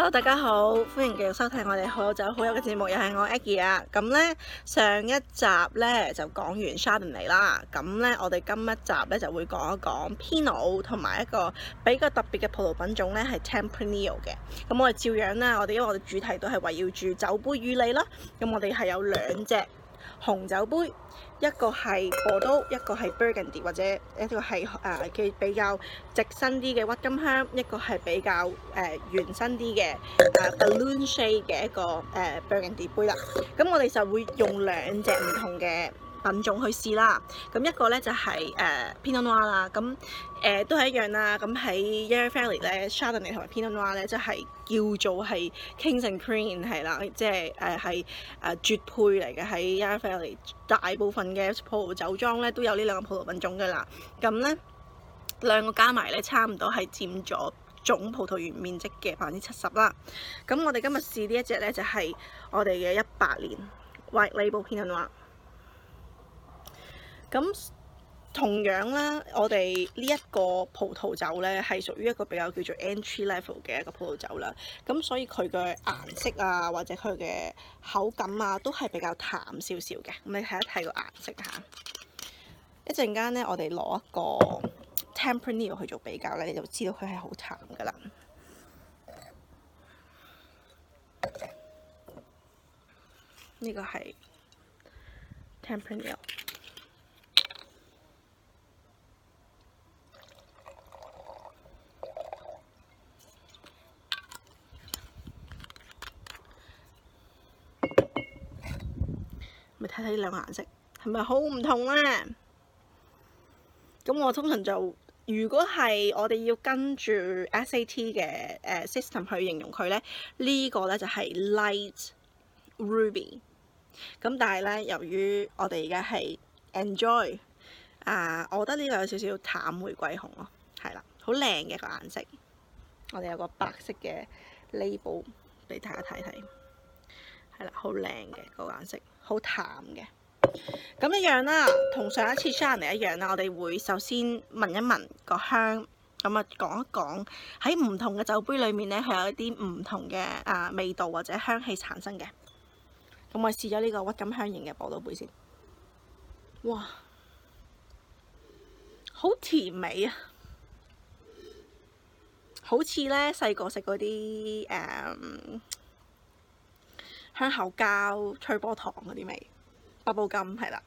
Hello 大家好，歡迎繼續收睇我哋好酒好飲嘅節目，又係我 Aggie 啊。咁呢上一集呢就講完 Chardonnay 啦，咁呢我哋今一集呢就會講一講 Pinot 同埋一個比較特別嘅葡萄品種呢係 Tempranillo 嘅。咁我哋照樣呢，我哋因為我哋主題都係圍繞住酒杯與你啦，咁我哋係有兩隻。紅酒杯，一個係波多，一個係 Burgundy 或者一個係、呃、比較直身啲嘅鬱金香，一個係比較誒圓、呃、身啲嘅 balloon、呃、shade 嘅一個、呃、Burgundy 杯啦。咁我哋就會用兩隻唔同嘅品種去試啦，咁一個咧就係誒偏恩娃啦，咁、嗯、誒、呃、都係一樣啦。咁喺 Yarra Valley 咧 Chardonnay 同埋偏恩娃咧，即、就、係、是、叫做係 Kings and Queen 係啦，即係誒係誒絕配嚟嘅喺 Yarra Valley 大部分嘅葡萄酒莊咧都有呢兩個葡萄品種嘅啦。咁咧兩個加埋咧，差唔多係佔咗總葡萄園面積嘅百分之七十啦。咁、嗯、我哋今日試呢一隻咧，就係、是、我哋嘅一八年 White Label 偏恩娃。咁同樣啦，我哋呢一個葡萄酒呢，係屬於一個比較叫做 entry level 嘅一個葡萄酒啦。咁所以佢嘅顏色啊，或者佢嘅口感啊，都係比較淡少少嘅。咁你睇一睇個顏色嚇，一陣間呢，我哋攞一個 Tempranillo 去做比較呢，你就知道佢係好淡噶啦。呢、這個係 Tempranillo 睇睇呢兩個顏色係咪好唔同咧？咁我通常就如果係我哋要跟住 S A T 嘅誒 system 去形容佢咧，呢個咧就係 light ruby。咁但係咧，由於我哋而家係 enjoy 啊，我覺得呢個有少少淡玫瑰紅咯，係啦，好靚嘅個顏色。我哋有個白色嘅 label 俾大家睇睇，係啦，好靚嘅個顏色。好淡嘅，咁一樣啦、啊，同上一次 s h a n 山梨一樣啦、啊，我哋會首先聞一聞個香，咁啊講一講喺唔同嘅酒杯裏面咧，係有一啲唔同嘅啊、呃、味道或者香氣產生嘅。咁我試咗呢個鬱金香型嘅波爾多杯先，哇，好甜美啊，好似咧細個食嗰啲誒。香口膠、吹波糖嗰啲味，八寶金係啦，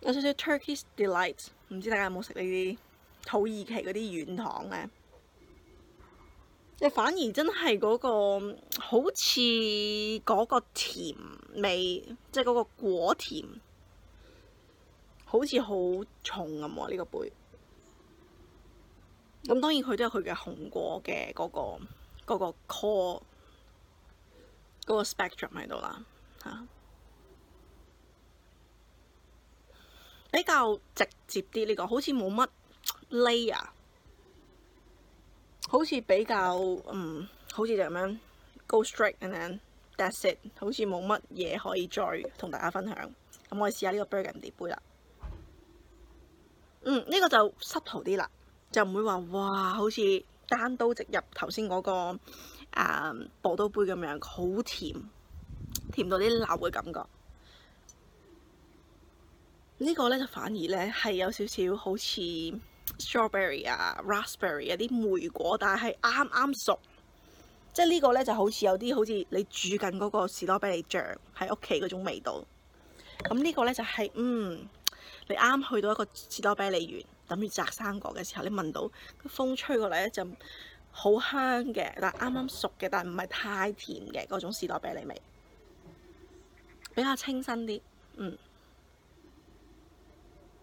有少少 Turkish delight，唔知大家有冇食呢啲土耳其嗰啲軟糖咧？你 反而真係嗰、嗰個好似嗰個甜味，即係嗰個果甜，好似好重咁喎呢個杯。咁當然佢都有佢嘅紅果嘅嗰、嗰個嗰、嗰個 core 個 spectrum 喺度啦，吓比較直接啲呢個，好似冇乜 layer，好似比較嗯，好似就咁樣 go straight，and then that's it，好似冇乜嘢可以再同大家分享。咁我試下呢個 Burgundy 杯啦，嗯，呢個就 subtle 啲啦，就唔會話哇，好似～單刀直入，那個，頭先嗰個薄刀杯咁樣，好甜，甜到啲漏嘅感覺。個呢個咧就反而咧係有少少好似 strawberry 啊、raspberry 啊啲莓果，但係啱啱熟，即係呢個咧就好似有啲好似你煮緊嗰個士多啤梨醬喺屋企嗰種味道。咁呢個咧就係嗯。這個你啱去到一個士多啤梨園等住摘生果嘅時候，你聞到風吹過嚟，一陣好香嘅，但係啱啱熟嘅，但係唔係太甜嘅嗰種士多啤梨味，比較清新啲，嗯，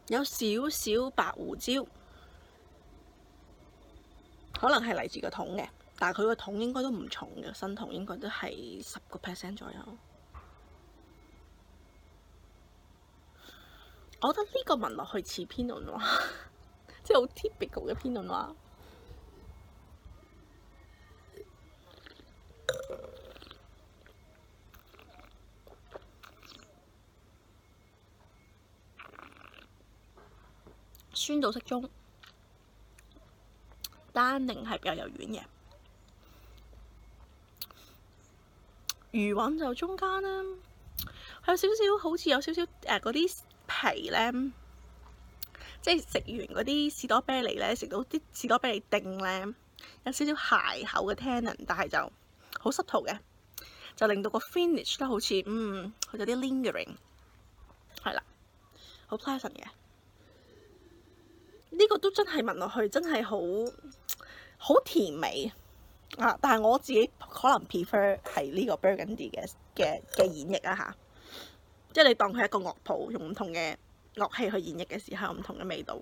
有少少白胡椒，可能係嚟自個桶嘅，但係佢個桶應該都唔重嘅，新桶應該都係十個 percent 左右。我覺得呢個聞落去似篇論話，即係好 typical 嘅篇論話，酸度適中，單寧係比較柔軟嘅，餘韻就中間啦，啊，有少少好似有少少誒嗰啲。呃係咧，即係食完嗰啲士多啤梨咧，食到啲士多啤梨丁咧，有少少鞋口嘅 tannin，但係就好濕陶嘅，就令到個 finish 都好似嗯有啲 lingering，係啦，好 pleasant 嘅。呢個都真係聞落去真係好好甜美啊！但係我自己可能 prefer 係呢個 Burgundy 嘅嘅嘅演繹啊。嚇。即係你當佢係一個樂譜，用唔同嘅樂器去演繹嘅時候，有唔同嘅味道，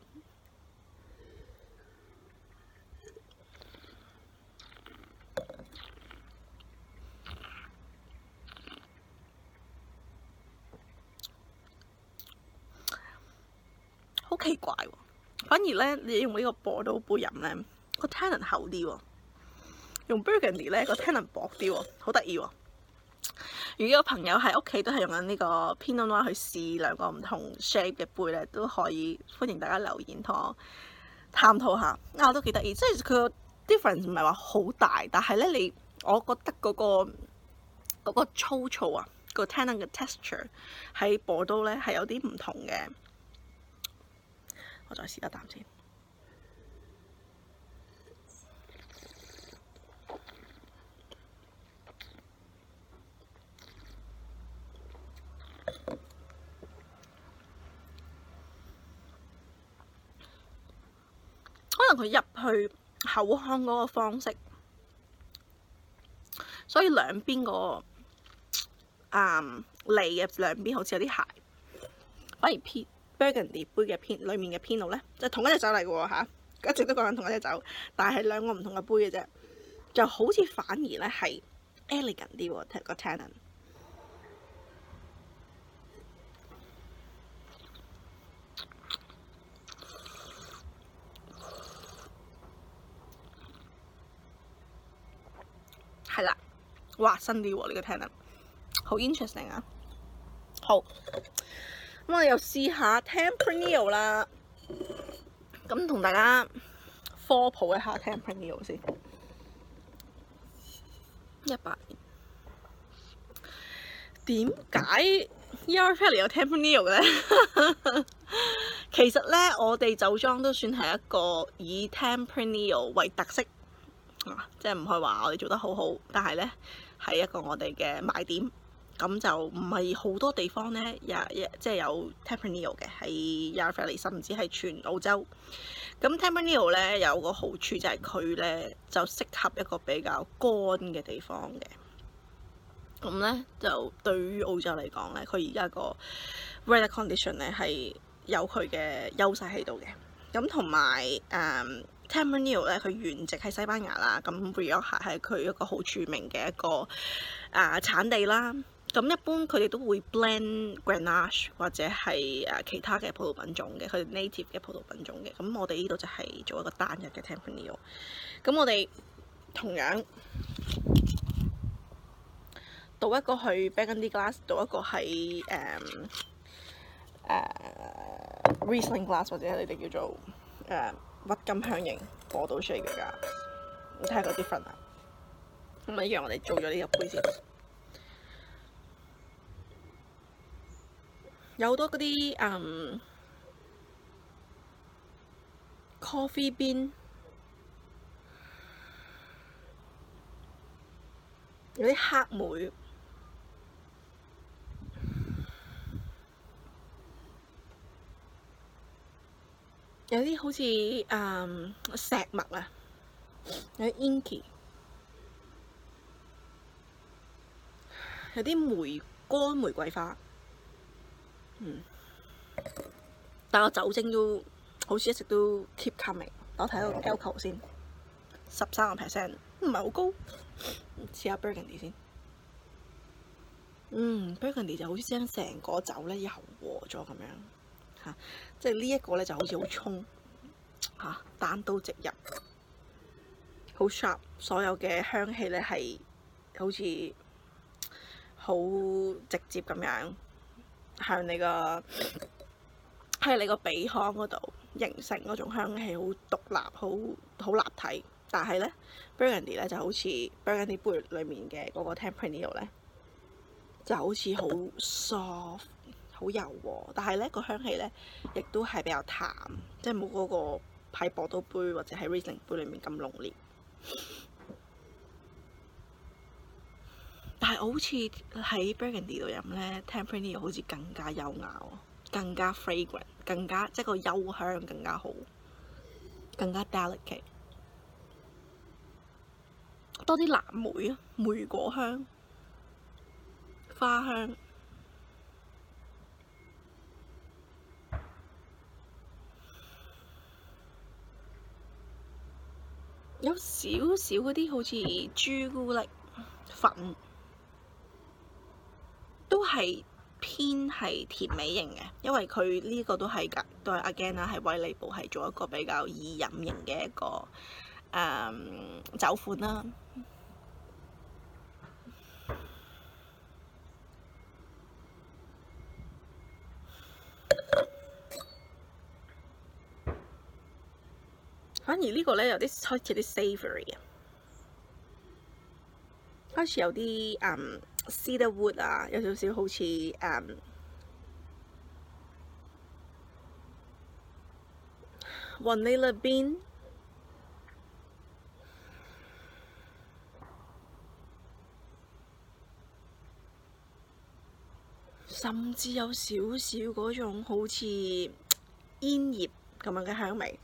好 奇怪喎、哦。反而咧，你用個呢個波多杯飲咧，個 tannin 厚啲喎、哦；用 Burgundy 咧，個 tannin 薄啲喎、哦，好得意喎。如果有朋友喺屋企都係用緊呢個 Pinot Noir 去試兩個唔同 shape 嘅杯咧，都可以歡迎大家留言同我探討下。啊，都幾得意，即係佢個 difference 唔係話好大，但係咧你，我覺得嗰、嗰個嗰個粗糙啊，個 tannin 嘅 texture 喺 Bordeaux 咧係有啲唔同嘅。我再試一啖先。可能佢入去口腔嗰個方式，所以兩邊，個啊脷嘅兩邊好似有啲鞋，反而 P Burgundy 杯嘅偏裡面嘅偏度咧，就係，同一隻酒嚟嘅嚇，一直都講緊同一隻酒，但係兩個唔同嘅杯嘅啫，就好似反而咧係 elegant 啲喎、個，tannin 話新啲喎、啊，呢、這個聽嚟好 interesting 啊！好，咁我又試下 Tempranillo 啦。咁同大家科普一下 Tempranillo 先。一百點解 Your Family 有 Tempranillo 咧？ 其實咧，我哋酒莊都算係一個以 Tempranillo 為特色，啊、即係唔係話我哋做得好好，但係咧。係一個我哋嘅賣點，咁就唔係好多地方咧，也即係有 Tempranillo 嘅喺 Yarra Valley，甚至係全澳洲。咁 Tempranillo 咧，有個好處就係佢咧，就適合一個比較乾嘅地方嘅。咁咧就對於澳洲嚟講咧，佢而家個 weather condition 咧係有佢嘅優勢喺度嘅。咁同埋，嗯。Tempranillo 咧，佢原籍喺西班牙啦，咁 Rioja 係佢一個好著名嘅一個啊、呃、產地啦。咁一般佢哋都會 blend Grenache 或者係啊其他嘅葡萄品種嘅，佢 native 嘅葡萄品種嘅。咁我哋呢度就係做一個單一嘅 Tempranillo。咁我哋同樣倒一個去 Burgundy Glass，倒一個喺誒誒、um, uh, Riesling Glass 或者你哋叫做誒。Uh, 屈金響應過到出嚟㗎，你睇下嗰啲粉啊，唔係讓我哋做咗呢個杯先、嗯， 有好多嗰啲嗯 coffee bean，有啲黑莓。有啲好似誒、嗯、石墨啊，有啲 inky，有啲梅乾、玫瑰花，嗯，但個酒精都好似一直都 keep coming。嗯、我睇 Gao 下要求先，十三個 percent 唔係好高。 試下 Burgundy 先，嗯，Burgundy 就好似將成個酒咧又和咗咁樣。吓，即係呢一個咧就好似好衝吓、啊，單刀直入，好 sharp，所有嘅香氣咧係好似好直接咁樣向你個喺你個鼻腔嗰度形成嗰種香氣，好獨立，好好立體。但係咧 Burgundy 咧就好似 Burgundy 杯裡面嘅嗰個 Tempranillo 咧，就好似好 soft。好柔和，但係咧，這個香氣咧，亦都係比較淡，即係冇嗰個喺波多杯或者喺 Riesling 杯裡面咁濃烈。但係我好似喺 Burgundy 度飲咧，Tempranillo 好似更加優雅喎，更加 fragrant，更加即係個幽香更加好，更加 delicate，多啲藍莓啊，梅果香、花香。有少少嗰啲好似朱古力粉，都係偏係甜美型嘅，因為佢呢個都係，架，都係 again 啦，係威利布係做一個比較易飲型嘅一個誒、嗯、酒款啦。反而呢個咧有啲開始有啲 savory 啊，開始有啲嗯 cedar wood 啊，有少少好似 vanilla bean，甚至有少少嗰種好似煙葉咁樣嘅香味。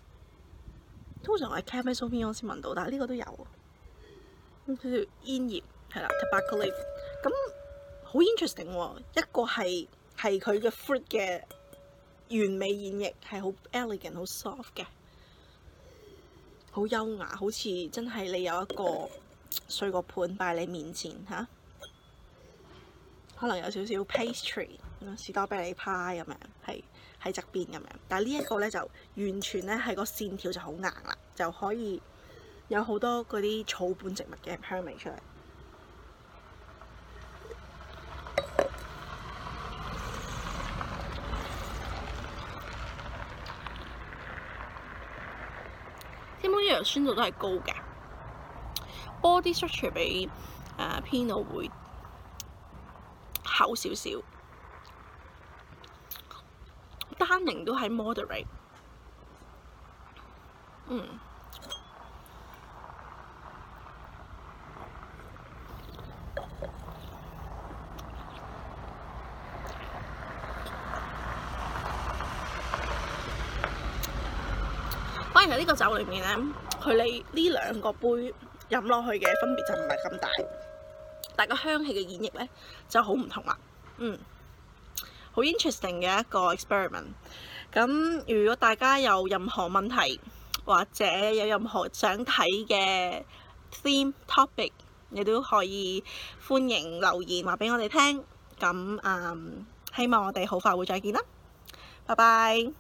通常我喺 Cab Sauv 邊我先聞到，但係呢個都有。少少煙葉係啦，tobacco leaf。咁好 interesting 喎，一個係係佢嘅 fruit 嘅完美演繹，係好 elegant，好 soft 嘅，好優雅，好似真係你有一個水果盤擺你面前嚇，可能有少少 pastry，士多啤梨派咁樣係。喺側邊咁樣，但係呢一個咧就完全咧係個線條就好硬啦，就可以有好多嗰啲草本植物嘅香味出嚟。Tempranillo 酸度都係高嘅，body structure 比 Pinot 會厚少少。單寧都係 moderate。嗯。反而喺呢個酒裏面咧，佢哋呢兩個杯飲落去嘅分別就唔係咁大，但個香氣嘅演繹咧就好唔同啦。嗯。好 interesting 嘅一個 experiment。咁如果大家有任何問題，或者有任何想睇嘅 theme topic，你都可以歡迎留言話俾我哋聽。咁嗯，希望我哋好快會再見啦。拜拜。